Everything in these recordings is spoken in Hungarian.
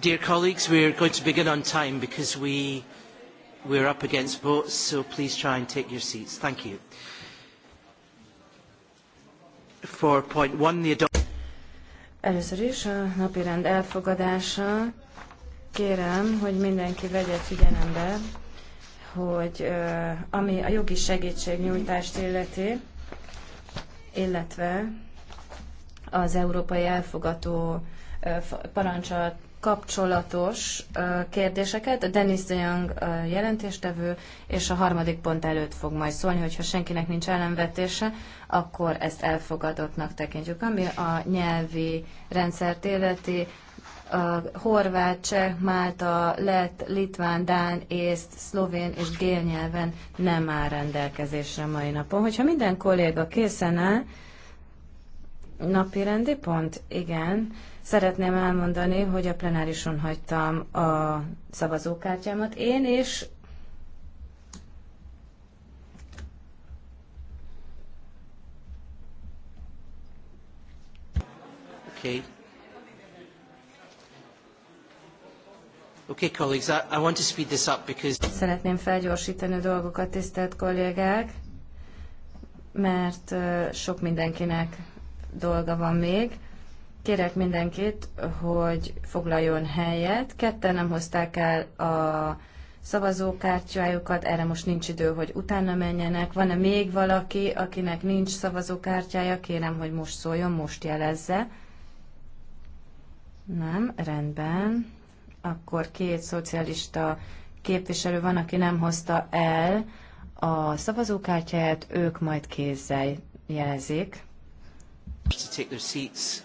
Dear colleagues, we're going to begin on time because we, we're up against votes, so please try and take your seats. Thank you. For point one, the Először is a napi rend elfogadása. Kérem, hogy mindenki vegye figyelembe, hogy ami a jogi segítségnyújtást illeti, illetve az európai elfogató parancsat kapcsolatos kérdéseket. Dennis de Young jelentéstevő, és a harmadik pont előtt fog majd szólni, hogyha senkinek nincs ellenvetése, akkor ezt elfogadottnak tekintjük. Ami a nyelvi rendszert illeti, a horvát, cseh, málta, lett, litván, dán, észt, szlovén és gél nyelven nem áll rendelkezésre mai napon. Hogyha minden kolléga készen áll, napi rendi pont, igen, Szeretném elmondani, hogy a plenárison hagytam a szavazókártyámat én, és Okay. Okay, colleagues, I, I want to speed this up because... Szeretném felgyorsítani a dolgokat, tisztelt kollégák, mert sok mindenkinek dolga van még. Kérek mindenkit, hogy foglaljon helyet. Ketten nem hozták el a szavazókártyájukat, erre most nincs idő, hogy utána menjenek. Van-e még valaki, akinek nincs szavazókártyája? Kérem, hogy most szóljon, most jelezze. Nem, rendben. Akkor két szocialista képviselő van, aki nem hozta el a szavazókártyáját, ők majd kézzel jelezik. To take their seats.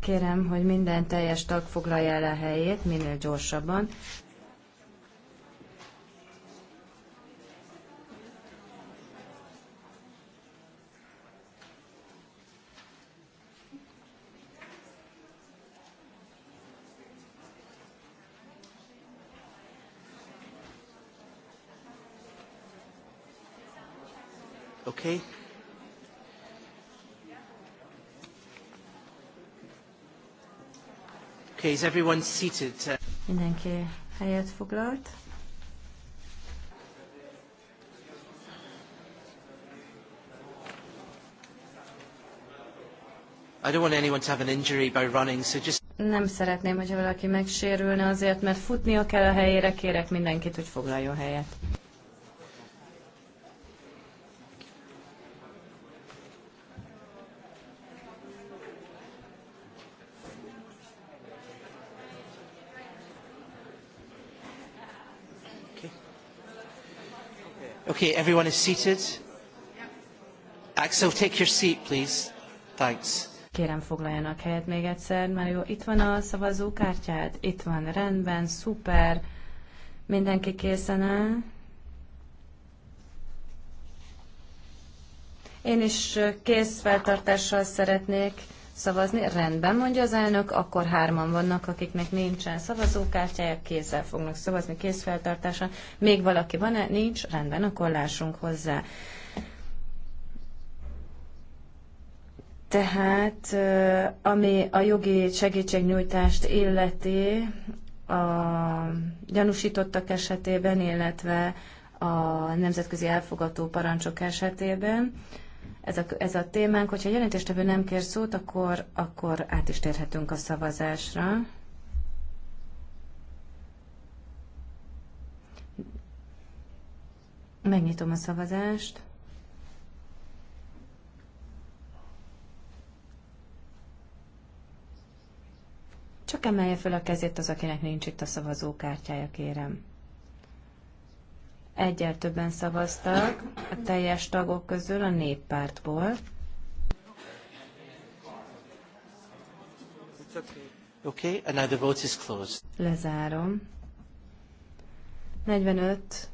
Kérem, hogy minden teljes tag foglalja el a helyét minél gyorsabban. Okay. everyone seated? Mindenki helyet foglalt. I don't want anyone to have an injury by running, so just nem szeretném, hogy valaki megsérülne azért, mert futnia kell a helyére, kérek mindenkit, hogy foglaljon helyet. Okay, everyone is seated. Axel, take your seat, please. Thanks. Kérem, foglaljanak helyet még egyszer, mert jó, itt van a szavazókártyád? Itt van, rendben, szuper. Mindenki készen áll. Én is kész feltartással szeretnék szavazni? Rendben, mondja az elnök, akkor hárman vannak, akiknek nincsen szavazókártyája, kézzel fognak szavazni, kézfeltartása. Még valaki van-e? Nincs, rendben, akkor lássunk hozzá. Tehát, ami a jogi segítségnyújtást illeti, a gyanúsítottak esetében, illetve a nemzetközi elfogató parancsok esetében, ez a, ez a témánk. Hogyha a jelentéstevő nem kér szót, akkor, akkor át is térhetünk a szavazásra. Megnyitom a szavazást. Csak emelje fel a kezét az, akinek nincs itt a szavazókártyája, kérem egyel többen szavaztak a teljes tagok közül a néppártból. Okay, and now the vote is closed. Lezárom. 45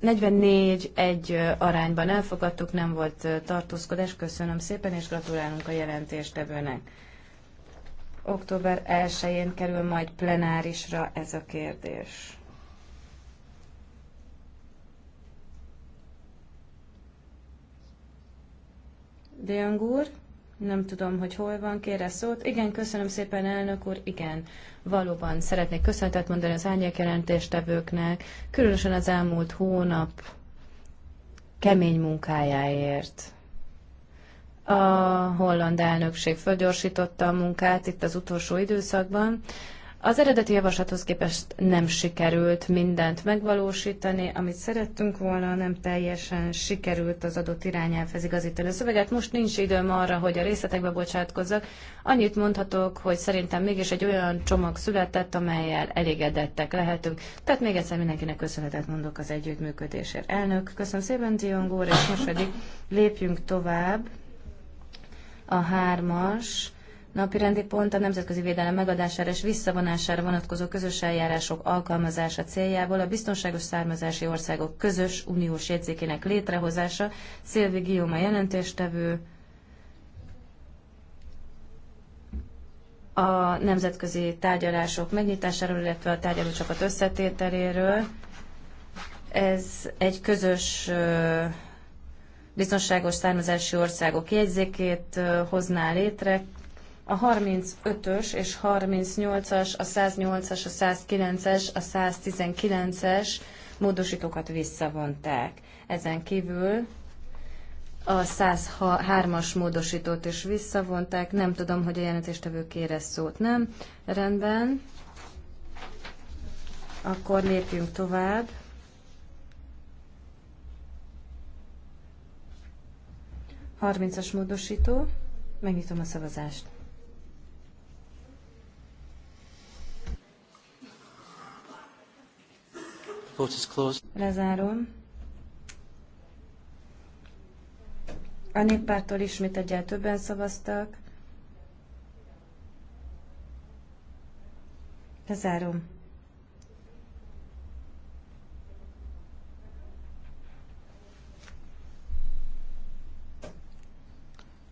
44 egy arányban elfogadtuk, nem volt tartózkodás. Köszönöm szépen, és gratulálunk a jelentéstevőnek. Október 1-én kerül majd plenárisra ez a kérdés. Deang úr, nem tudom, hogy hol van, kérre szót. Igen, köszönöm szépen, elnök úr, igen. Valóban szeretnék köszönetet mondani az jelentéstevőknek, különösen az elmúlt hónap kemény munkájáért. A holland elnökség fölgyorsította a munkát itt az utolsó időszakban. Az eredeti javaslathoz képest nem sikerült mindent megvalósítani, amit szerettünk volna, nem teljesen sikerült az adott irányelvhez igazítani a szöveget. Most nincs időm arra, hogy a részletekbe bocsátkozzak. Annyit mondhatok, hogy szerintem mégis egy olyan csomag született, amelyel elégedettek lehetünk. Tehát még egyszer mindenkinek köszönetet mondok az együttműködésért. Elnök, köszönöm szépen, Dion és most pedig lépjünk tovább. A hármas napirendi pont a nemzetközi védelem megadására és visszavonására vonatkozó közös eljárások alkalmazása céljából a biztonságos származási országok közös uniós jegyzékének létrehozása. Szilvi Gióma jelentéstevő, a nemzetközi tárgyalások megnyitásáról, illetve a tárgyalócsapat összetételéről. Ez egy közös biztonságos származási országok jegyzékét hozná létre a 35-ös és 38-as, a 108-as, a 109-es, a 119-es módosítókat visszavonták. Ezen kívül a 103-as módosítót is visszavonták. Nem tudom, hogy a jelentéstevő kére szót, nem? Rendben. Akkor lépjünk tovább. Harmincas módosító. Megnyitom a szavazást. Lezárom. A néppártól ismét egyel többen szavaztak. Lezárom.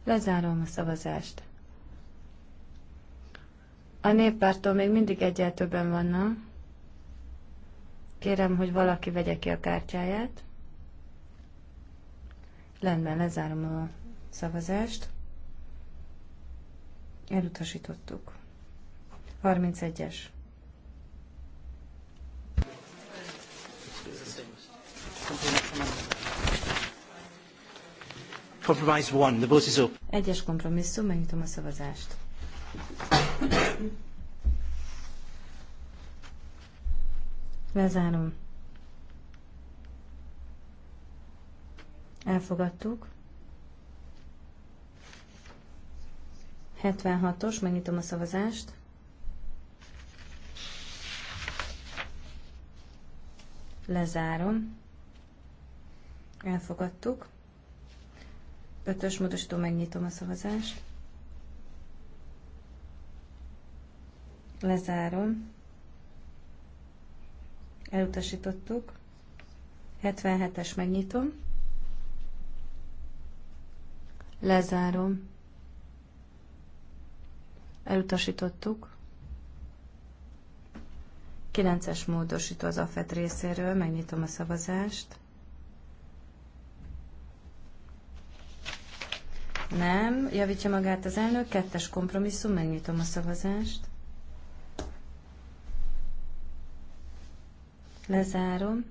Lezárom a szavazást. A néppártól még mindig egyel többen vannak. Kérem, hogy valaki vegye ki a kártyáját. Lendben lezárom a szavazást. Elutasítottuk. 31-es. Compromise one. The vote is open. Egyes kompromisszum, megnyitom a szavazást. Lezárom. Elfogadtuk. 76-os, megnyitom a szavazást. Lezárom. Elfogadtuk. 5-ös módosító, megnyitom a szavazást. Lezárom elutasítottuk. 77-es megnyitom. Lezárom. Elutasítottuk. 9-es módosító az AFET részéről, megnyitom a szavazást. Nem, javítja magát az elnök, kettes kompromisszum, megnyitom a szavazást. Lezárom.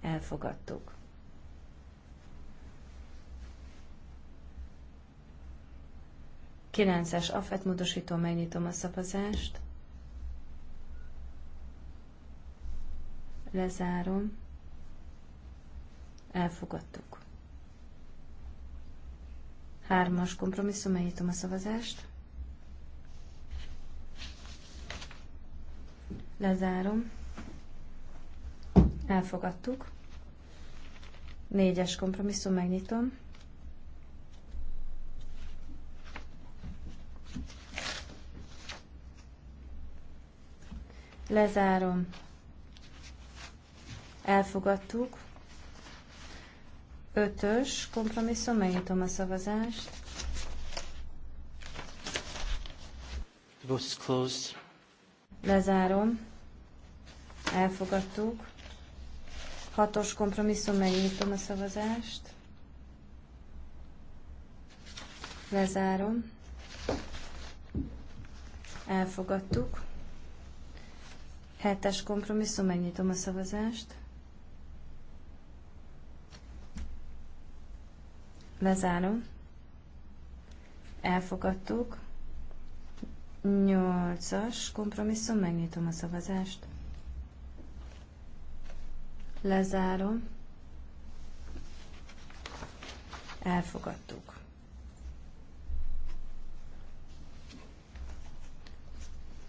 Elfogadtuk. Kilences afet módosító, megnyitom a szavazást. Lezárom. Elfogadtuk. Hármas kompromisszum, megnyitom a szavazást. Lezárom. Elfogadtuk. Négyes kompromisszum, megnyitom. Lezárom. Elfogadtuk. Ötös kompromisszum, megnyitom a szavazást. The vote closed. Lezárom. Elfogadtuk. Hatos kompromisszum, megnyitom a szavazást. Lezárom. Elfogadtuk. Hetes kompromisszum, megnyitom a szavazást. Lezárom. Elfogadtuk. Nyolcas kompromisszum, megnyitom a szavazást. Lezárom. Elfogadtuk.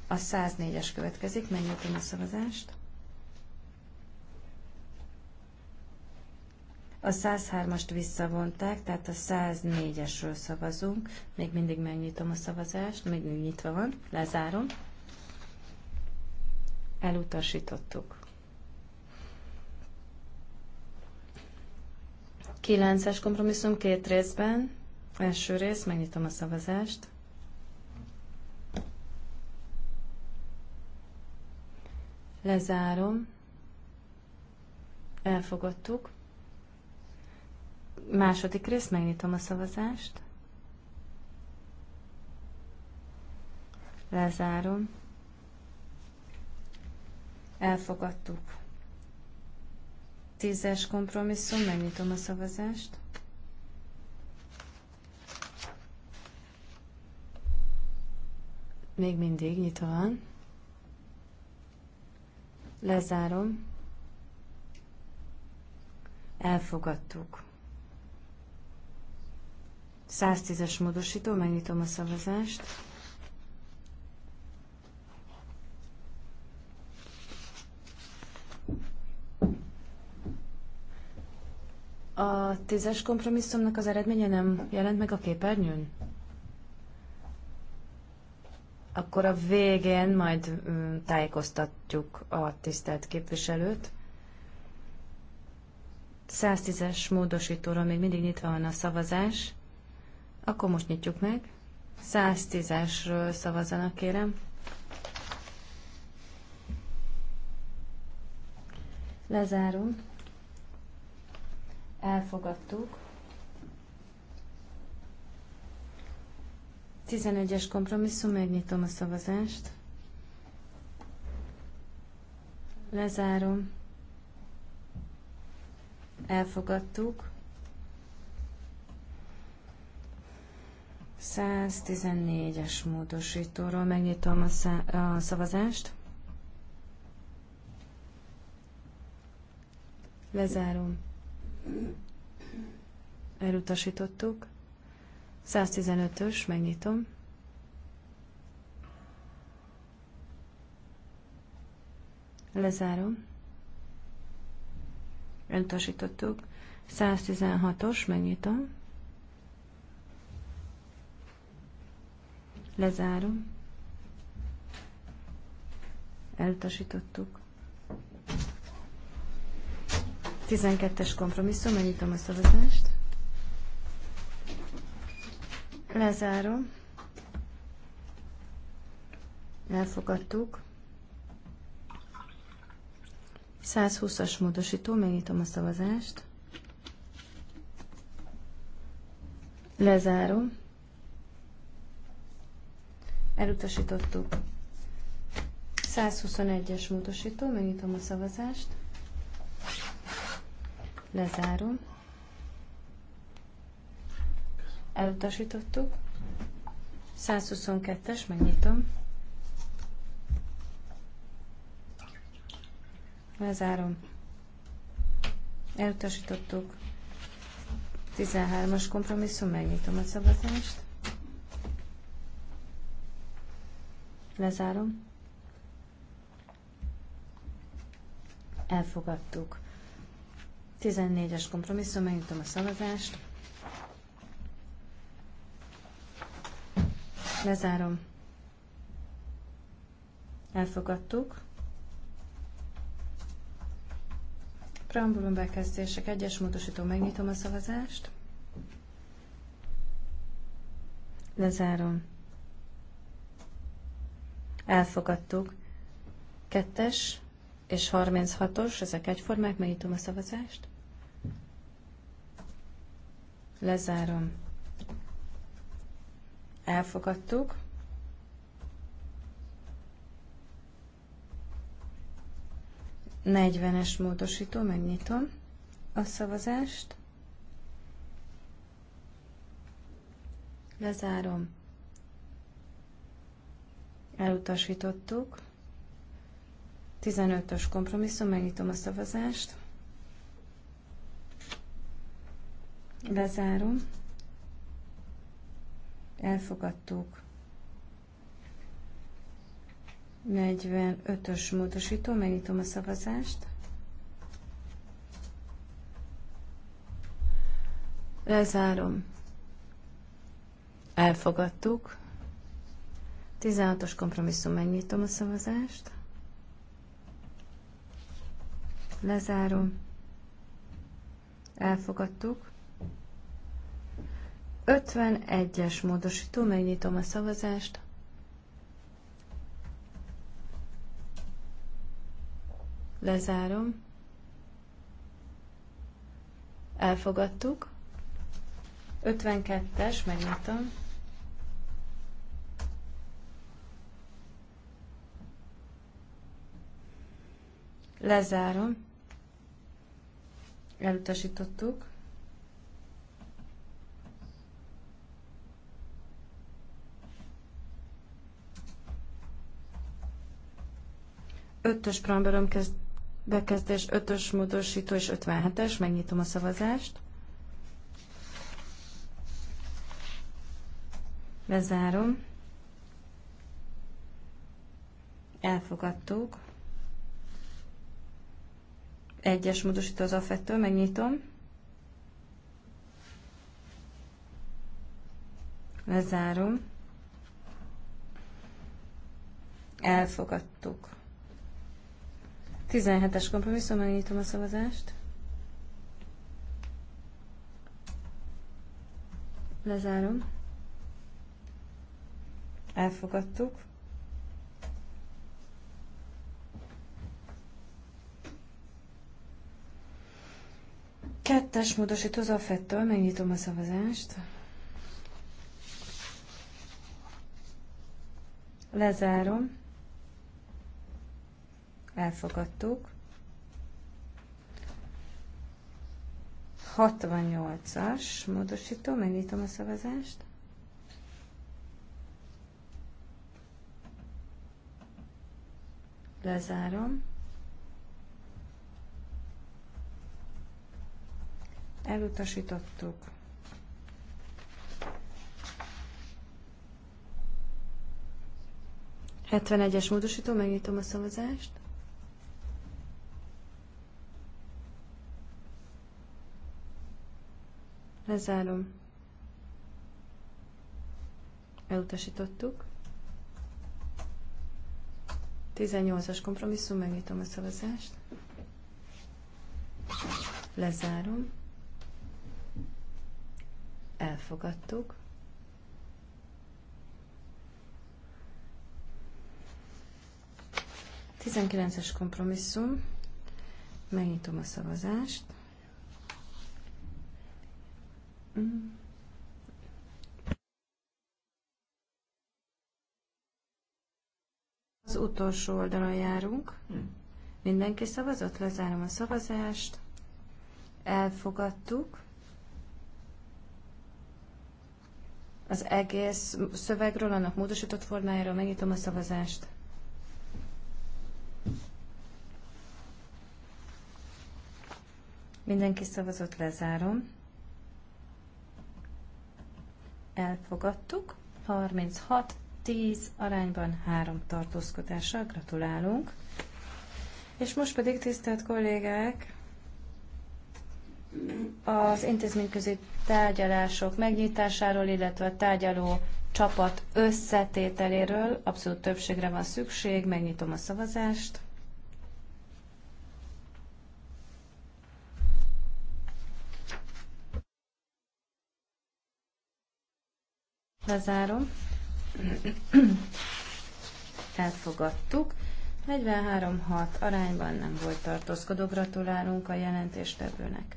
A 104-es következik, megnyitom a szavazást. A 103-ast visszavonták, tehát a 104-esről szavazunk. Még mindig megnyitom a szavazást, még nyitva van, lezárom. Elutasítottuk. 9-es kompromisszum két részben. Első rész, megnyitom a szavazást. Lezárom. Elfogadtuk. Második rész, megnyitom a szavazást. Lezárom. Elfogadtuk. Tízes kompromisszum, megnyitom a szavazást. Még mindig nyitva van. Lezárom. Elfogadtuk. 110-es módosító, megnyitom a szavazást. A tízes kompromisszumnak az eredménye nem jelent meg a képernyőn? Akkor a végén majd tájékoztatjuk a tisztelt képviselőt. 110-es módosítóra még mindig nyitva van a szavazás. Akkor most nyitjuk meg. 110-esről szavazzanak, kérem. Lezárom. Elfogadtuk. 11-es kompromisszum, megnyitom a szavazást. Lezárom. Elfogadtuk. 114-es módosítóról megnyitom a, szá- a szavazást. Lezárom. Elutasítottuk. 115-ös, megnyitom. Lezárom. Elutasítottuk. 116-os, megnyitom. Lezárom. Eltasítottuk. 12-es kompromisszum, megnyitom a szavazást. Lezárom. Elfogadtuk. 120-as módosító, megnyitom a szavazást. Lezárom. Elutasítottuk. 121-es módosító, megnyitom a szavazást. Lezárom. Elutasítottuk. 122-es, megnyitom. Lezárom. Elutasítottuk. 13-as kompromisszum, megnyitom a szavazást. Lezárom. Elfogadtuk. 14-es kompromisszum, megnyitom a szavazást. Lezárom. Elfogadtuk. Preambulum bekezdések, egyes módosító, megnyitom a szavazást. Lezárom elfogadtuk. Kettes és 36-os, ezek egyformák, megnyitom a szavazást. Lezárom. Elfogadtuk. Negyvenes módosító, megnyitom a szavazást. Lezárom elutasítottuk. 15-ös kompromisszum, megnyitom a szavazást. Lezárom. Elfogadtuk. 45-ös módosító, megnyitom a szavazást. Lezárom. Elfogadtuk. 16-os kompromisszum, megnyitom a szavazást. Lezárom. Elfogadtuk. 51-es módosító, megnyitom a szavazást. Lezárom. Elfogadtuk. 52-es, megnyitom. Lezárom. Elutasítottuk. Ötös pramberom bekezdés, ötös módosító és 57-es. Megnyitom a szavazást. Lezárom. Elfogadtuk. Egyes módosító az affettől, megnyitom. Lezárom. Elfogadtuk. 17-es kompromisszum, megnyitom a szavazást. Lezárom. Elfogadtuk. Kettes módosító az megnyitom a szavazást. Lezárom. Elfogadtuk. 68-as módosító, megnyitom a szavazást. Lezárom. elutasítottuk. Hetvenegyes módosító, megnyitom a szavazást. Lezárom. Elutasítottuk. 18-as kompromisszum, megnyitom a szavazást. Lezárom elfogadtuk. es kompromisszum. Megnyitom a szavazást. Az utolsó oldalon járunk. Mindenki szavazott, lezárom a szavazást. Elfogadtuk. az egész szövegről, annak módosított formájáról. Megnyitom a szavazást. Mindenki szavazott, lezárom. Elfogadtuk. 36-10 arányban három tartózkodással. Gratulálunk. És most pedig, tisztelt kollégák, az intézményközi tárgyalások megnyitásáról, illetve a tárgyaló csapat összetételéről abszolút többségre van szükség. Megnyitom a szavazást. Lezárom. Elfogadtuk. 43-6 arányban nem volt tartózkodó. Gratulálunk a jelentéstevőnek.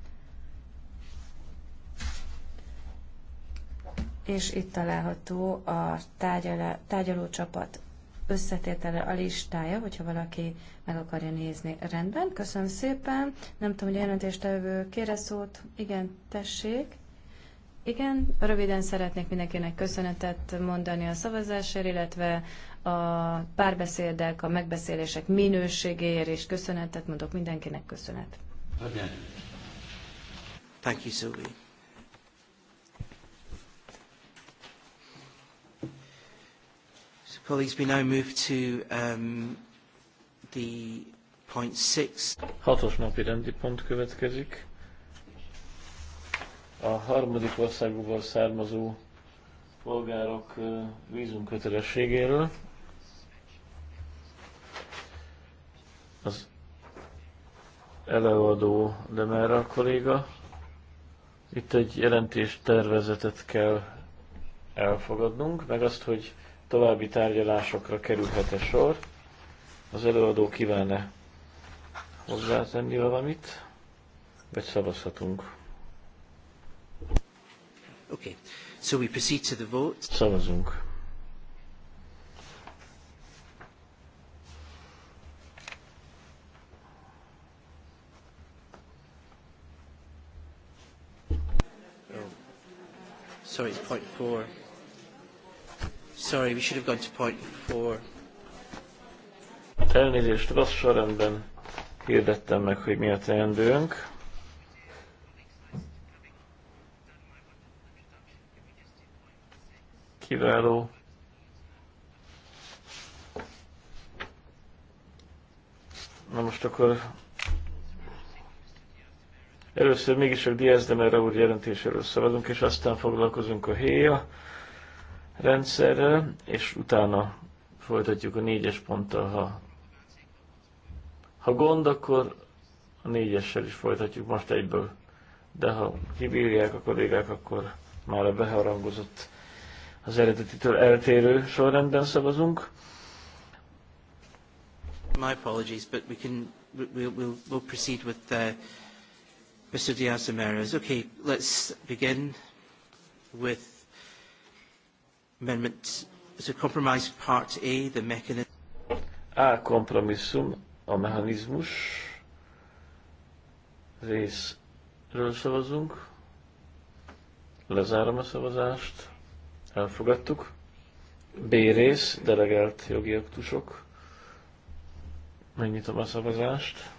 és itt található a tárgyaló, tárgyalócsapat összetétele a listája, hogyha valaki meg akarja nézni. Rendben, köszönöm szépen. Nem tudom, hogy a jelentéstevő kére szót. Igen, tessék. Igen, röviden szeretnék mindenkinek köszönetet mondani a szavazásért, illetve a párbeszédek, a megbeszélések minőségéért és köszönetet mondok mindenkinek köszönet. Thank you, Sylvie. Colleagues, we now move to um, the point six. Hatos napi rendi pont következik. A harmadik országból származó polgárok vízumkötelességéről. Az előadó Demerra kolléga. Itt egy jelentés tervezetet kell elfogadnunk, meg azt, hogy további tárgyalásokra kerülhet-e sor. Az előadó kívánne hozzátenni valamit, vagy szavazhatunk. Okay. So we proceed to the vote. Szavazunk. Oh. sorry, point four. Sorry, we should have gone to point four. Elnézést, rossz sorrendben hirdettem meg, hogy mi a teendőnk. Kiváló. Na most akkor először mégis a Diaz de Mera úr jelentéséről szabadunk, és aztán foglalkozunk a héja rendszerrel, és utána folytatjuk a négyes ponttal, ha, ha gond, akkor a négyessel is folytatjuk most egyből. De ha kibírják a kollégák, akkor már a beharangozott az eredetitől eltérő sorrendben szavazunk. My apologies, but we can we'll, we'll, we'll proceed with the, uh, Mr. Diaz-Ramirez. Okay, let's begin with Amendment a compromise part A, the mechanism. A kompromisszum, a mechanizmus részről szavazunk. Lezárom a szavazást. Elfogadtuk. B rész, delegált jogi aktusok. Megnyitom a szavazást.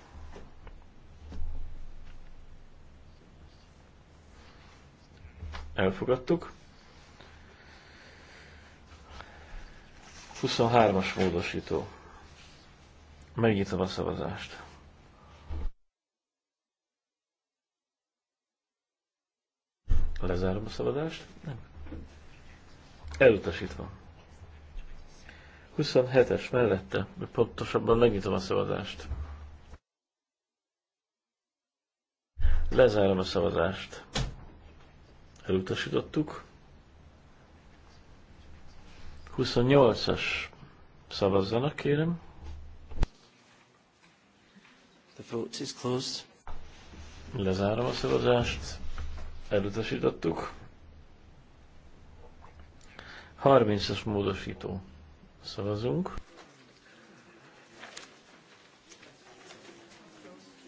Elfogadtuk. 23-as módosító. Megnyitom a szavazást. Lezárom a szavazást? Nem. Elutasítva. 27-es mellette, pontosabban megnyitom a szavazást. Lezárom a szavazást. Elutasítottuk. 28-as szavazzanak, kérem. The vote is closed. Lezárom a szavazást. Elutasítottuk. 30-as módosító. Szavazunk.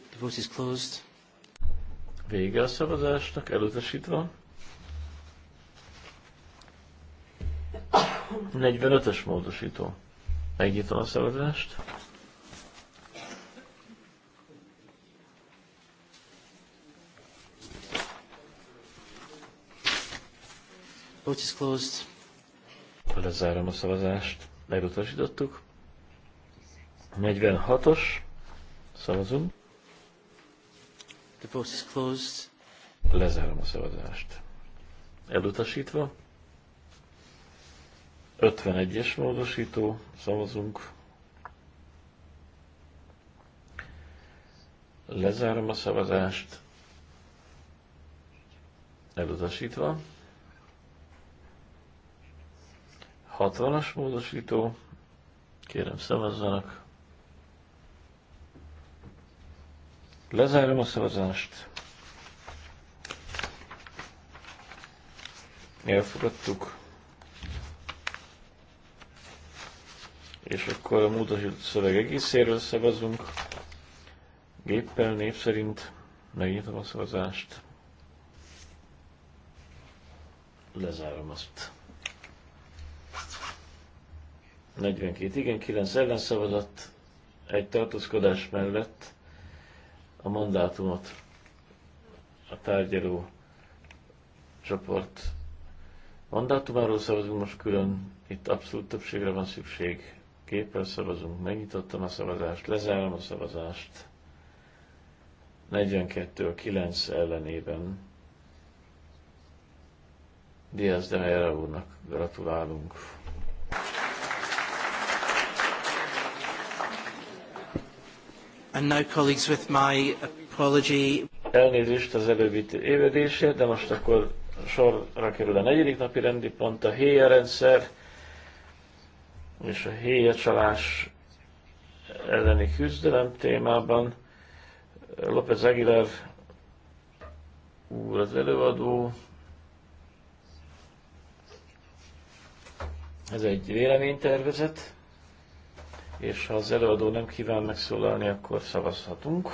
The vote is closed. Vége a szavazásnak, elutasítva. 45-ös módosító. Megnyitom a szavazást. Vote is closed. Lezárom a szavazást. Megutasítottuk. 46-os. Szavazunk. The vote is closed. Lezárom a szavazást. Elutasítva. 51-es módosító, szavazunk. Lezárom a szavazást. Elutasítva. 60-as módosító. Kérem szavazzanak. Lezárom a szavazást. Elfogadtuk. és akkor a módosított szöveg egészéről szavazunk. Géppel név szerint megnyitom a szavazást. Lezárom azt. 42 igen, 9 ellenszavazat, egy tartózkodás mellett a mandátumot a tárgyaló csoport mandátumáról szavazunk most külön, itt abszolút többségre van szükség, géppel szavazunk, megnyitottam a szavazást, lezárom a szavazást. 42 a 9 ellenében Diaz de Mera úrnak gratulálunk. And now, colleagues, with my apology. Elnézést az előbbi évedésért, de most akkor sorra kerül a negyedik napi rendi pont, a héja rendszer és a héjacsalás elleni küzdelem témában. López Aguilar úr az előadó. Ez egy véleménytervezet, és ha az előadó nem kíván megszólalni, akkor szavazhatunk.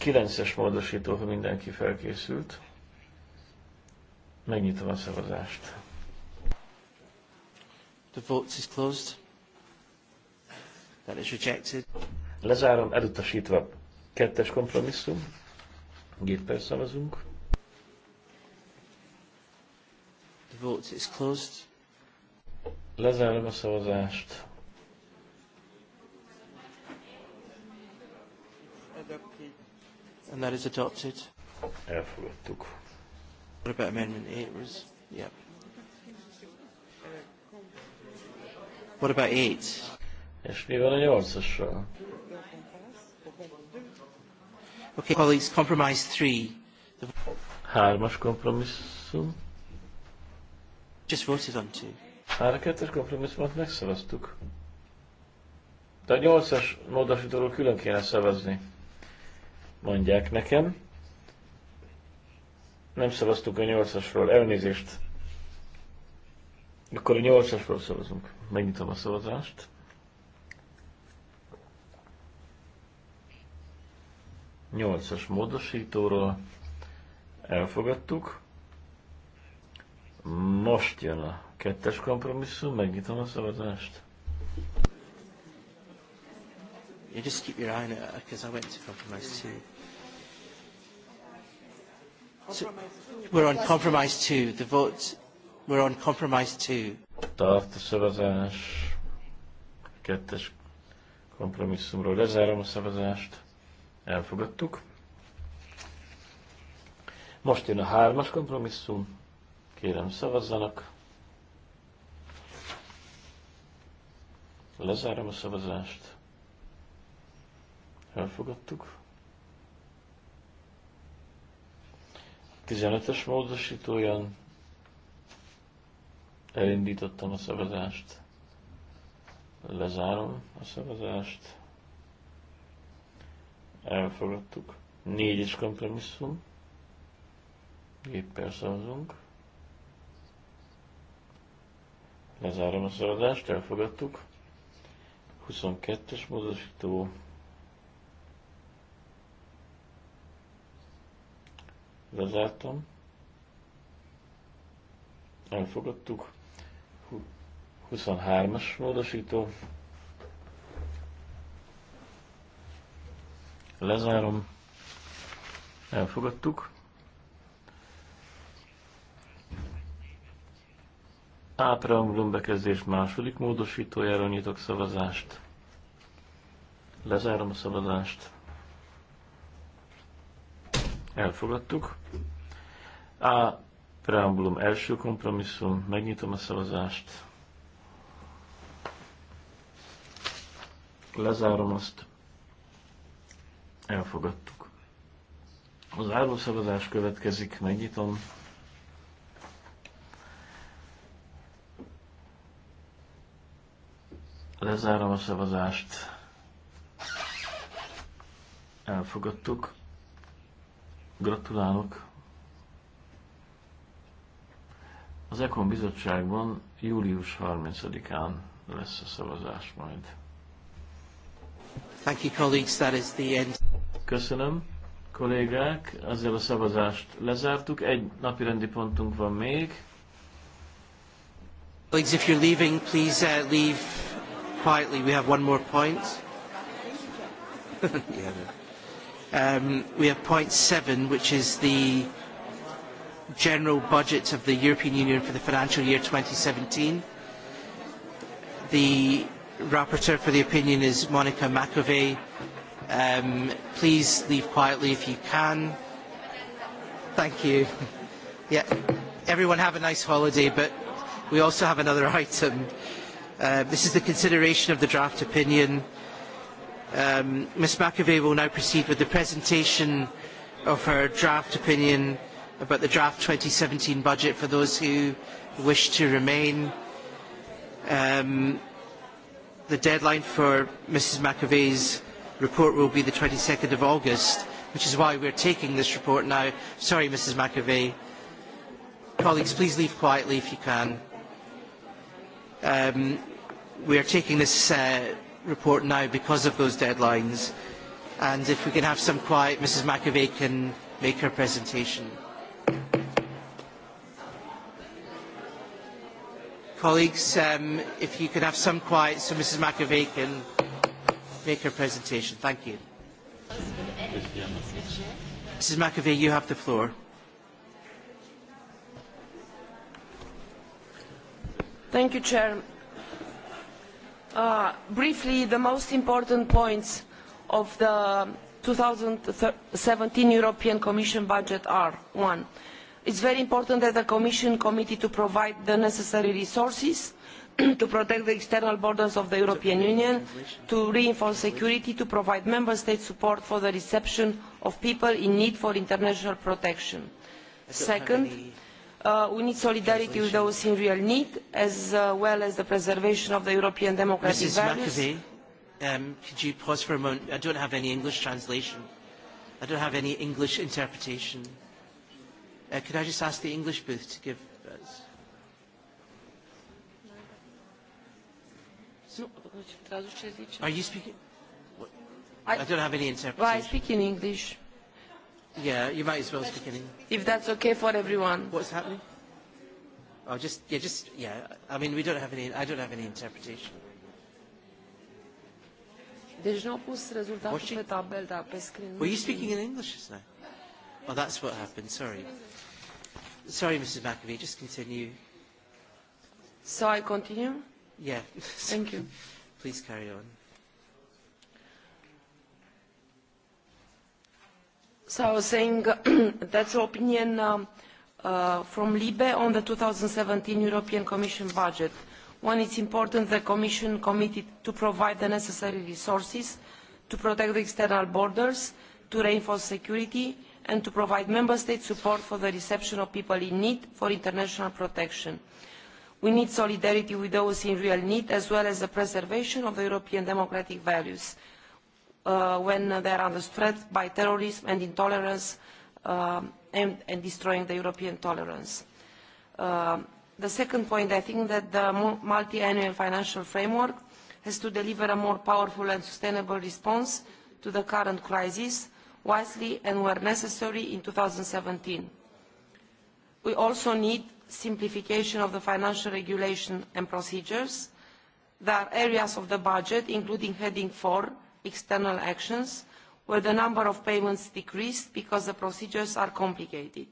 9-es módosító, ha mindenki felkészült. Megnyitom a szavazást. The vote is closed. That is rejected. Lezárom, elutasítva. Kettes kompromisszum. Géppel szavazunk. The vote is closed. Lezárom a szavazást. And that is adopted. Elfogadtuk. What about Amendment 8? Was, yep. What about 8? És mi van a 8-assal? Okay, colleagues, compromise 3. The... Hármas kompromisszum. Just voted on two. Már a kettes kompromisszumot megszavaztuk. De a nyolcas módosítóról külön kéne szavazni. Mondják nekem. Nem szavaztuk a nyolcasról, elnézést. Akkor a nyolcasról szavazunk. Megnyitom a szavazást. Nyolcas módosítóról elfogadtuk. Most jön a kettes kompromisszum, megnyitom a szavazást. You just keep your eye on it, because I went to compromise too. So, we're on compromise two. The vote. We're on compromise two. Tart a szavazás. A kettes kompromisszumról lezárom a szavazást. Elfogadtuk. Most jön a hármas kompromisszum. Kérem szavazzanak. Lezárom a szavazást. Elfogadtuk. 15-ös módosítóján elindítottam a szavazást, lezárom a szavazást, elfogadtuk. Négyes kompromisszum, géppel szavazunk, lezárom a szavazást, elfogadtuk. 22-es módosító, Lezártam. Elfogadtuk. 23-as módosító. Lezárom. Elfogadtuk. Ápreambulum bekezdés második módosítójáról nyitok szavazást. Lezárom a szavazást. Elfogadtuk. A preambulum első kompromisszum, megnyitom a szavazást. Lezárom azt. Elfogadtuk. Az árószavazás következik, megnyitom. Lezárom a szavazást. Elfogadtuk. Gratulálok! Az Ekon bizottságban július 30-án lesz a szavazás majd. Thank you, colleagues. That is the end. Köszönöm, kollégák. Ezzel a szavazást lezártuk. Egy napi rendi pontunk van még. Colleagues, if you're leaving, please uh, leave quietly. We have one more point. yeah. Um, we have point seven, which is the general budget of the European Union for the financial year 2017. The rapporteur for the opinion is Monica McAvey. Um, please leave quietly if you can. Thank you. Yeah, everyone have a nice holiday, but we also have another item. Uh, this is the consideration of the draft opinion Um, Ms McAvey will now proceed with the presentation of her draft opinion about the draft 2017 budget for those who wish to remain. Um, the deadline for Mrs McAvey's report will be the 22nd of August, which is why we're taking this report now. Sorry, Mrs McAvey. Colleagues, please leave quietly if you can. Um, we are taking this uh, report now because of those deadlines. And if we can have some quiet, Mrs McAvey can make her presentation. Colleagues, um, if you could have some quiet so Mrs McAvey can make her presentation. Thank you. Mrs McAvey, you have the floor. Thank you, Chair. Uh, briefly the most important points of the two thousand and seventeen European Commission budget are one, it is very important that the Commission committed to provide the necessary resources to protect the external borders of the European Union, to reinforce security, to provide Member States support for the reception of people in need for international protection. Second, Uh, we need solidarity with those in real need, as uh, well as the preservation of the European democratic Mrs. values. McAvey, um, could you pause for a moment? I don't have any English translation. I don't have any English interpretation. Uh, could I just ask the English booth to give us... Are you speaking? I, I don't have any interpretation. Well, I speak in English. Yeah, you might as well speak in If that's okay for everyone. What's happening? Oh, just, yeah, just, yeah. I mean, we don't have any, I don't have any interpretation. Deci nu au pus rezultatul pe tabel, dar pe screen. Were you speaking in English just now? Oh, that's what happened, sorry. Sorry, Mrs. McAvee, just continue. So I continue? Yeah. Thank you. Please carry on. So I was saying that's opinion um, uh, from Libe on the 2017 European Commission budget. One, it's important the Commission committed to provide the necessary resources to protect the external borders, to reinforce security, and to provide Member State support for the reception of people in need for international protection. We need solidarity with those in real need, as well as the preservation of the European democratic values Uh, when they are under threat by terrorism and intolerance uh, and, and, destroying the European tolerance. Uh, the second point, I think that the multi-annual financial framework has to deliver a more powerful and sustainable response to the current crisis wisely and where necessary in 2017. We also need simplification of the financial regulation and procedures. There are areas of the budget, including heading 4, external actions where the number of payments decreased because the procedures are complicated.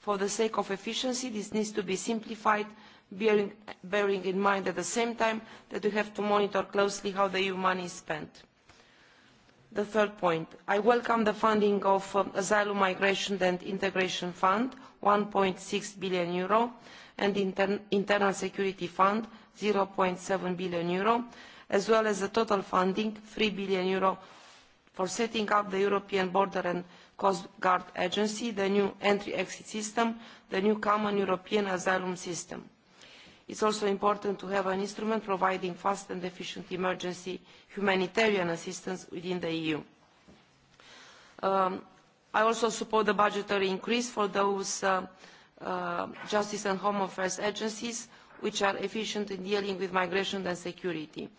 For the sake of efficiency, this needs to be simplified, bearing, bearing in mind at the same time that we have to monitor closely how the EU money is spent. The third point, I welcome the funding of um, Asylum Migration and Integration Fund, 1.6 billion euro, and Inter Internal Security Fund, 0.7 billion euro, as well as the total funding eur three billion for setting up the European Border and Coast Guard Agency, the new entry-exit system, the new common European asylum system. It is also important to have an instrument providing fast and efficient emergency humanitarian assistance within the EU. Um, I also support the budgetary increase for those uh, uh, justice and home affairs agencies which are efficient in dealing with migration and security.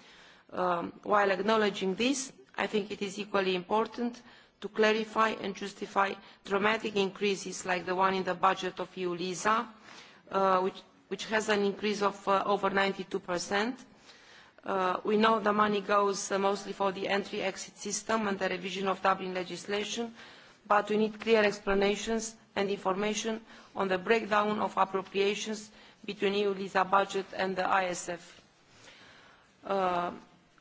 Um, while acknowledging this, I think it is equally important to clarify and justify dramatic increases like the one in the budget of EU-LISA, uh, which, has an increase of uh, over 92%. two uh, we know the money goes mostly for the entry-exit system and the revision of Dublin legislation, but we need clear explanations and information on the breakdown of appropriations between EU-LISA budget and the ISF.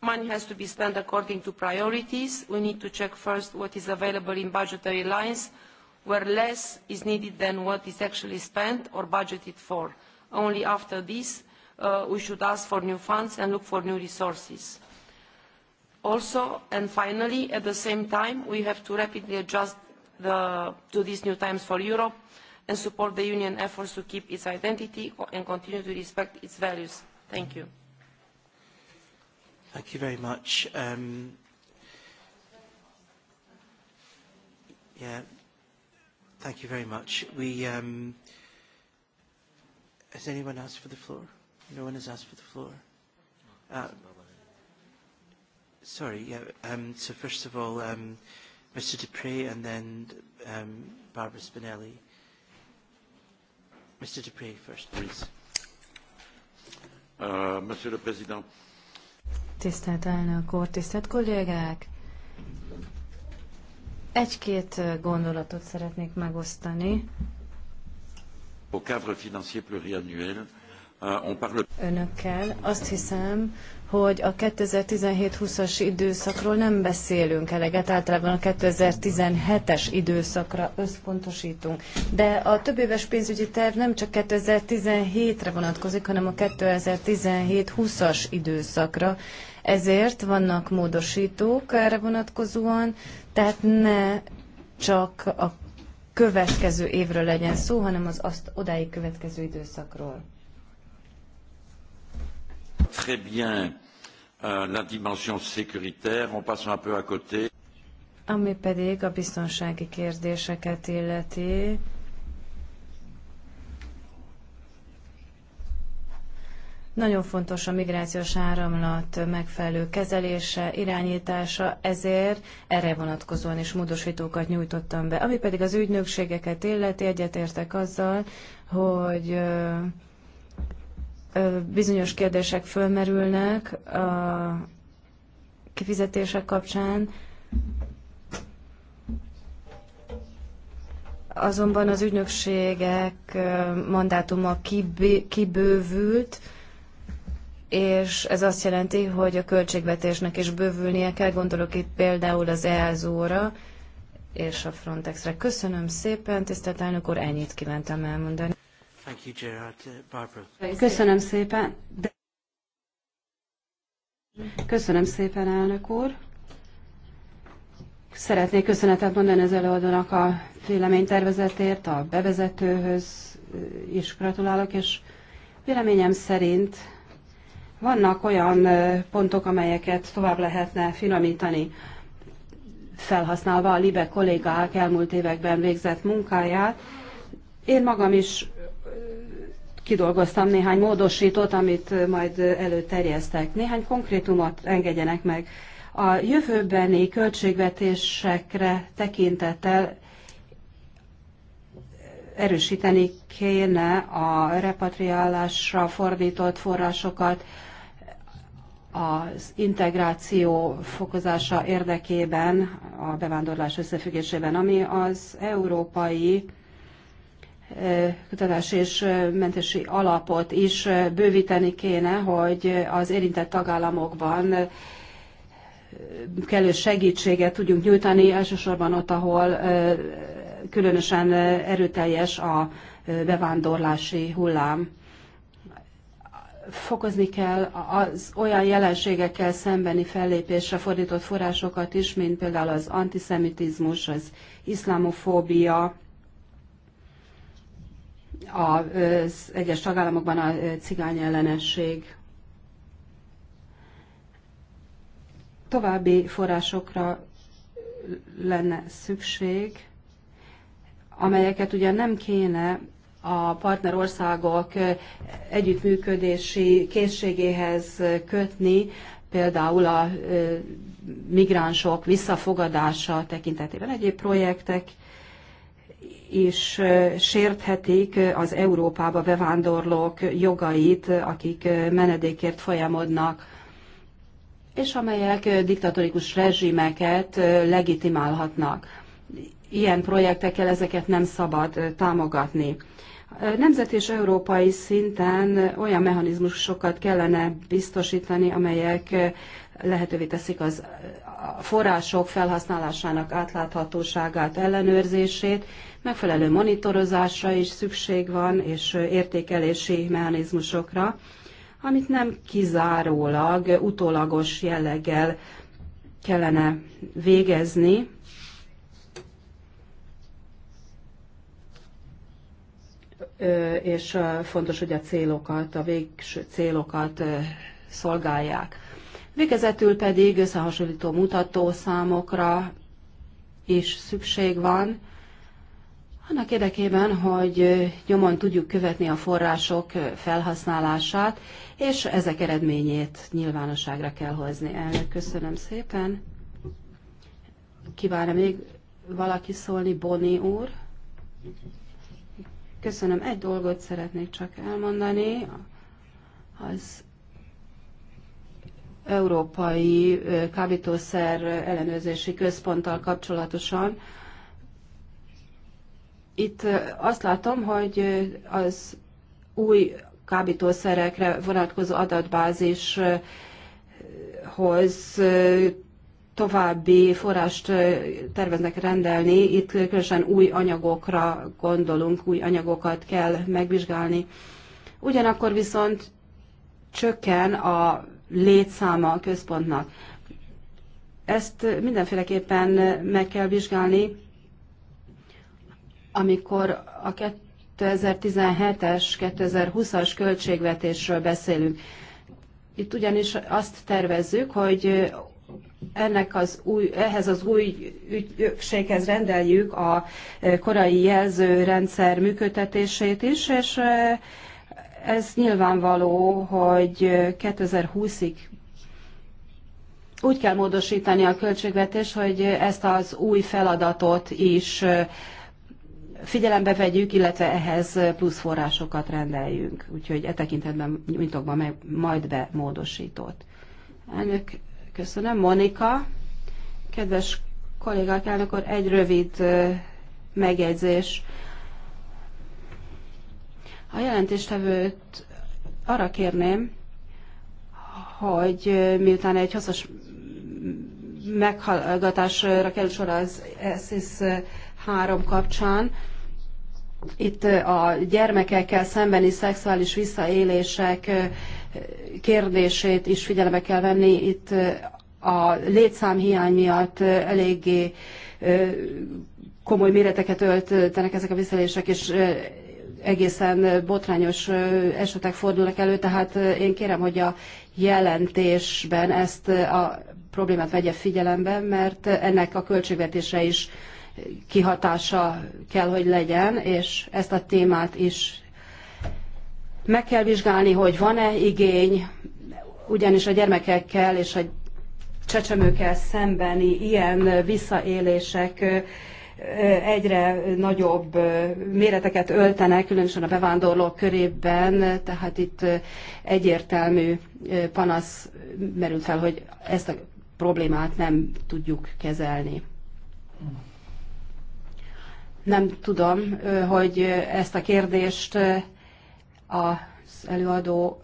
Money has to be spent according to priorities. We need to check first what is available in budgetary lines, where less is needed than what is actually spent or budgeted for. Only after this, uh, we should ask for new funds and look for new resources. Also, and finally, at the same time, we have to rapidly adjust the, to these new times for Europe and support the Union efforts to keep its identity and continue to respect its values. Thank you. Thank you very much. Um, yeah, thank you very much. We, um, has anyone asked for the floor? No one has asked for the floor. Uh, sorry, yeah, um, so first of all, um, Mr. Dupre and then um, Barbara Spinelli. Mr. Dupre first, please. Uh, Monsieur le Président, Tisztelt elnök úr, tisztelt kollégák! Egy-két gondolatot szeretnék megosztani. cadre financier pluriannuel, euh, on parle... Önökkel azt hiszem, hogy a 2017-20-as időszakról nem beszélünk eleget, általában a 2017-es időszakra összpontosítunk. De a több éves pénzügyi terv nem csak 2017-re vonatkozik, hanem a 2017-20-as időszakra ezért vannak módosítók erre vonatkozóan, tehát ne csak a következő évről legyen szó, hanem az azt odáig következő időszakról. Très bien. Euh, la dimension sécuritaire, on passe un peu à côté. Ami pedig a biztonsági kérdéseket illeti, Nagyon fontos a migrációs áramlat megfelelő kezelése, irányítása, ezért erre vonatkozóan is módosítókat nyújtottam be. Ami pedig az ügynökségeket illeti, egyetértek azzal, hogy bizonyos kérdések fölmerülnek a kifizetések kapcsán, azonban az ügynökségek mandátuma kibővült, és ez azt jelenti, hogy a költségvetésnek is bővülnie kell, gondolok itt például az EASO-ra és a Frontexre. Köszönöm szépen, tisztelt elnök úr, ennyit kívántam elmondani. Thank you, Gerard. Barbara. Köszönöm szépen. De... Köszönöm szépen, elnök úr. Szeretnék köszönetet mondani az előadónak a véleménytervezetért, a bevezetőhöz is gratulálok, és véleményem szerint vannak olyan pontok, amelyeket tovább lehetne finomítani, felhasználva a Libe kollégák elmúlt években végzett munkáját. Én magam is kidolgoztam néhány módosítót, amit majd előterjesztek. Néhány konkrétumot engedjenek meg. A jövőbeni költségvetésekre tekintettel erősíteni kéne a repatriálásra fordított forrásokat, az integráció fokozása érdekében a bevándorlás összefüggésében, ami az európai eh, kutatási és eh, mentési alapot is eh, bővíteni kéne, hogy az érintett tagállamokban kellő segítséget tudjunk nyújtani, elsősorban ott, ahol különösen erőteljes a bevándorlási hullám fokozni kell az olyan jelenségekkel szembeni fellépésre fordított forrásokat is, mint például az antiszemitizmus, az iszlámofóbia, az egyes tagállamokban a cigány ellenesség. További forrásokra lenne szükség, amelyeket ugye nem kéne a partnerországok együttműködési készségéhez kötni, például a migránsok visszafogadása tekintetében egyéb projektek is sérthetik az Európába bevándorlók jogait, akik menedékért folyamodnak, és amelyek diktatórikus rezsimeket legitimálhatnak ilyen projektekkel ezeket nem szabad támogatni. Nemzet és európai szinten olyan mechanizmusokat kellene biztosítani, amelyek lehetővé teszik az források felhasználásának átláthatóságát, ellenőrzését, megfelelő monitorozásra is szükség van, és értékelési mechanizmusokra, amit nem kizárólag utólagos jelleggel kellene végezni, és fontos, hogy a célokat, a végső célokat szolgálják. Végezetül pedig összehasonlító mutató számokra is szükség van, annak érdekében, hogy nyomon tudjuk követni a források felhasználását, és ezek eredményét nyilvánosságra kell hozni. Elnök, köszönöm szépen. Kívánom még valaki szólni, Boni úr? Köszönöm. Egy dolgot szeretnék csak elmondani. Az Európai Kábítószer Ellenőrzési Központtal kapcsolatosan. Itt azt látom, hogy az új kábítószerekre vonatkozó adatbázishoz további forrást terveznek rendelni. Itt különösen új anyagokra gondolunk, új anyagokat kell megvizsgálni. Ugyanakkor viszont csökken a létszáma a központnak. Ezt mindenféleképpen meg kell vizsgálni, amikor a 2017-es, 2020-as költségvetésről beszélünk. Itt ugyanis azt tervezzük, hogy ennek az új, ehhez az új ügyökséghez rendeljük a eh, korai jelzőrendszer működtetését is, és eh, ez nyilvánvaló, hogy 2020-ig eh, úgy kell módosítani a költségvetés, hogy ezt az új feladatot is figyelembe vegyük, illetve ehhez plusz forrásokat rendeljünk. Úgyhogy e tekintetben nyújtok majd be módosítót. Elnök Köszönöm. Monika, kedves kollégák, elnök úr, egy rövid megjegyzés. A jelentéstevőt arra kérném, hogy miután egy hosszas meghallgatásra kerül sor az SIS 3 kapcsán, itt a gyermekekkel szembeni szexuális visszaélések kérdését is figyelembe kell venni. Itt a létszámhiány miatt eléggé komoly méreteket öltenek ezek a visszaélések, és egészen botrányos esetek fordulnak elő, tehát én kérem, hogy a jelentésben ezt a problémát vegye figyelembe, mert ennek a költségvetésre is kihatása kell, hogy legyen, és ezt a témát is meg kell vizsgálni, hogy van-e igény, ugyanis a gyermekekkel és a csecsemőkkel szembeni ilyen visszaélések egyre nagyobb méreteket öltenek, különösen a bevándorlók körében, tehát itt egyértelmű panasz merült fel, hogy ezt a problémát nem tudjuk kezelni. Nem tudom, hogy ezt a kérdést az előadó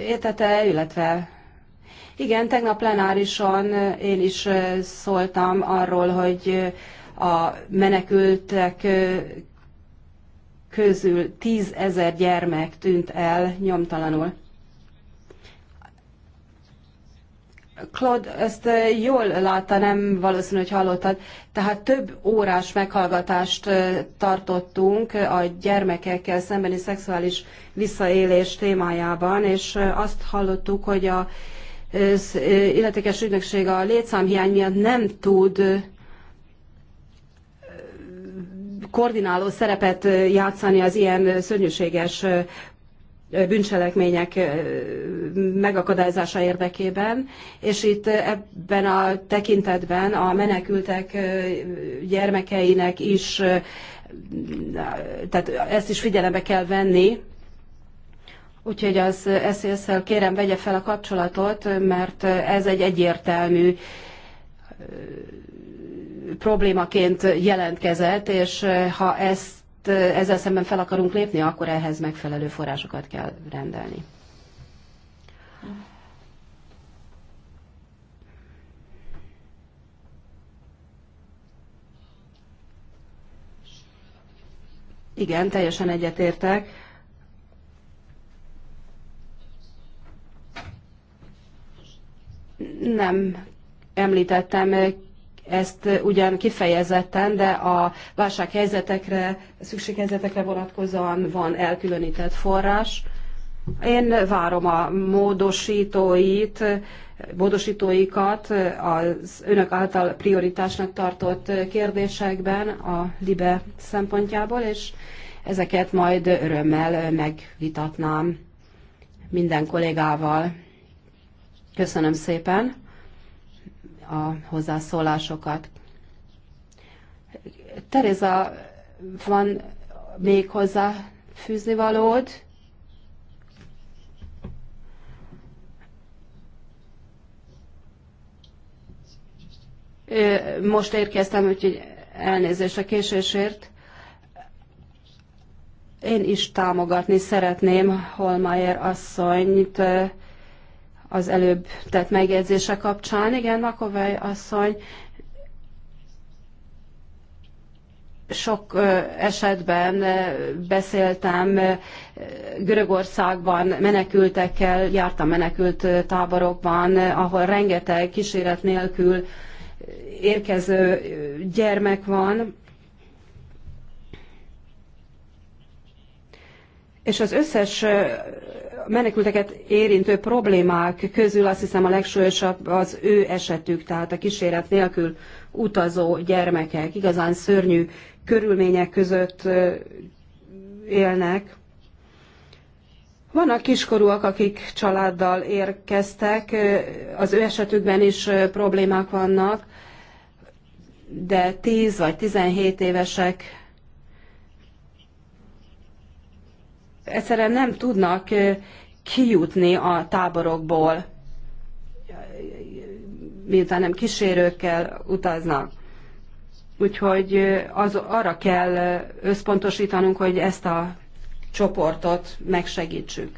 értete, illetve igen, tegnap plenárison én is szóltam arról, hogy a menekültek közül tízezer gyermek tűnt el nyomtalanul. Claude, ezt eh, jól látta, nem valószínű, hogy hallottad. Tehát több órás meghallgatást eh, tartottunk eh, a gyermekekkel szembeni szexuális visszaélés témájában, és azt hallottuk, hogy a az illetékes ügynökség a létszámhiány miatt nem tud koordináló szerepet játszani az ilyen szörnyűséges bűncselekmények megakadályozása érdekében, és itt ebben a tekintetben a menekültek gyermekeinek is, tehát ezt is figyelembe kell venni, Úgyhogy az szsz kérem, vegye fel a kapcsolatot, mert ez egy egyértelmű problémaként jelentkezett, és ha ezt Hát, ezzel szemben fel akarunk lépni, akkor ehhez megfelelő forrásokat kell rendelni. Igen, teljesen egyetértek. Nem említettem ezt ugyan kifejezetten, de a válsághelyzetekre, szükséghelyzetekre vonatkozóan van elkülönített forrás. Én várom a módosítóit, módosítóikat az önök által prioritásnak tartott kérdésekben a LIBE szempontjából, és ezeket majd örömmel megvitatnám minden kollégával. Köszönöm szépen! a hozzászólásokat. Tereza, van még hozzá fűzni valód? Most érkeztem, úgyhogy elnézést a késésért. Én is támogatni szeretném Holmeier asszonyt az előbb tett megjegyzése kapcsán. Igen, Makovej asszony sok esetben beszéltem Görögországban menekültekkel, jártam menekült táborokban, ahol rengeteg kíséret nélkül érkező gyermek van, és az összes menekülteket érintő problémák közül azt hiszem a legsúlyosabb az ő esetük, tehát a kíséret nélkül utazó gyermekek igazán szörnyű körülmények között élnek. Vannak kiskorúak, akik családdal érkeztek, az ő esetükben is problémák vannak, de 10 vagy 17 évesek egyszerűen nem tudnak kijutni a táborokból, miután nem kísérőkkel utaznak. Úgyhogy az, arra kell összpontosítanunk, hogy ezt a csoportot megsegítsük.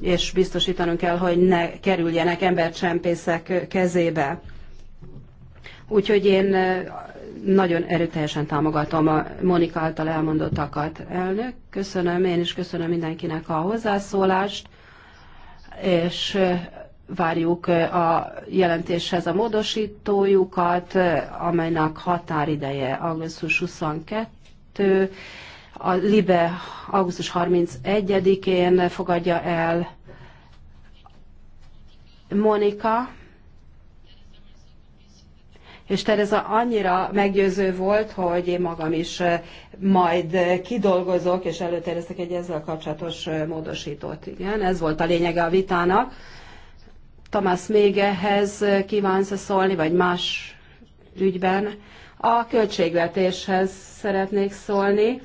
És biztosítanunk kell, hogy ne kerüljenek embercsempészek kezébe. Úgyhogy én nagyon erőteljesen támogatom a Monika által elmondottakat. Elnök, köszönöm, én is köszönöm mindenkinek a hozzászólást, és várjuk a jelentéshez a módosítójukat, amelynek határideje augusztus 22, a LIBE augusztus 31-én fogadja el Monika, és Tereza annyira meggyőző volt, hogy én magam is majd kidolgozok, és előtereztek egy ezzel kapcsolatos módosítót. Igen, ez volt a lényege a vitának. Tamás még ehhez kívánsz szólni, vagy más ügyben? A költségvetéshez szeretnék szólni.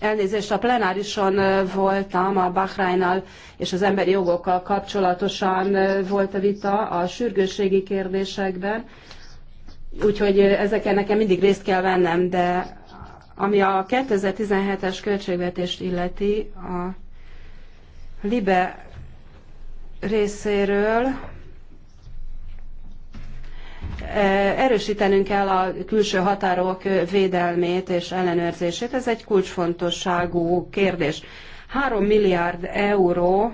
Elnézést, a plenárison voltam a Bahrájnal és az emberi jogokkal kapcsolatosan volt a vita a sürgősségi kérdésekben, úgyhogy ezeken nekem mindig részt kell vennem, de ami a 2017-es költségvetést illeti, a LIBE részéről Eh, erősítenünk kell a külső határok védelmét és ellenőrzését. Ez egy kulcsfontosságú kérdés. 3 milliárd euró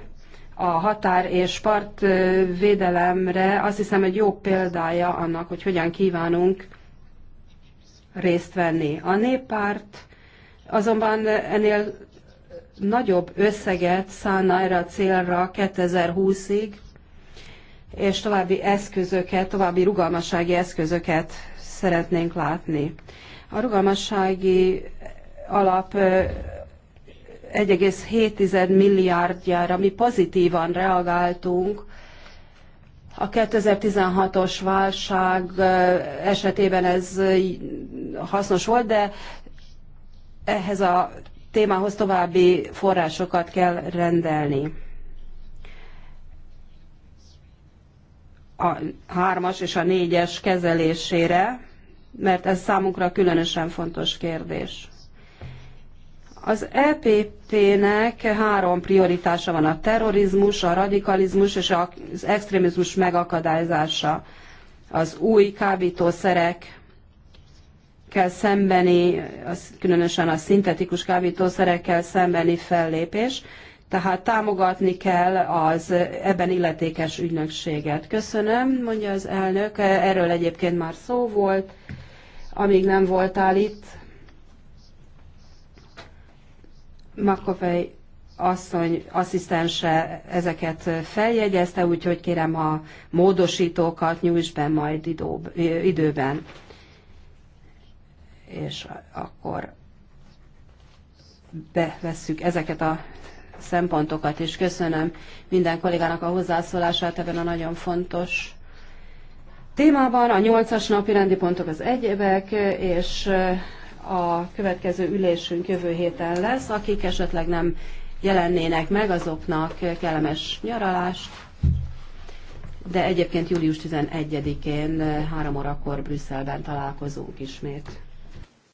a határ és partvédelemre eh, azt hiszem egy jó példája annak, hogy hogyan kívánunk részt venni. A néppárt azonban ennél nagyobb összeget szánna erre a célra 2020-ig, és további eszközöket, további rugalmassági eszközöket szeretnénk látni. A rugalmassági alap 1,7 milliárdjára mi pozitívan reagáltunk, a 2016-os válság esetében ez hasznos volt, de ehhez a témához további forrásokat kell rendelni. a hármas és a négyes kezelésére, mert ez számunkra különösen fontos kérdés. Az EPP-nek három prioritása van a terrorizmus, a radikalizmus és az extrémizmus megakadályzása, az új kábítószerekkel szembeni, az, különösen a szintetikus kábítószerekkel szembeni fellépés, tehát támogatni kell az ebben illetékes ügynökséget. Köszönöm, mondja az elnök. Erről egyébként már szó volt, amíg nem voltál itt. Makovej asszony asszisztense ezeket feljegyezte, úgyhogy kérem a módosítókat nyújts be majd időben. És akkor bevesszük ezeket a szempontokat, is köszönöm minden kollégának a hozzászólását ebben a nagyon fontos témában. A nyolcas napi rendi pontok az egyébek, és eh, a következő ülésünk jövő héten lesz. Akik esetleg nem jelennének meg, azoknak kellemes nyaralást, de egyébként július 11-én 3 eh, órakor Brüsszelben találkozunk ismét.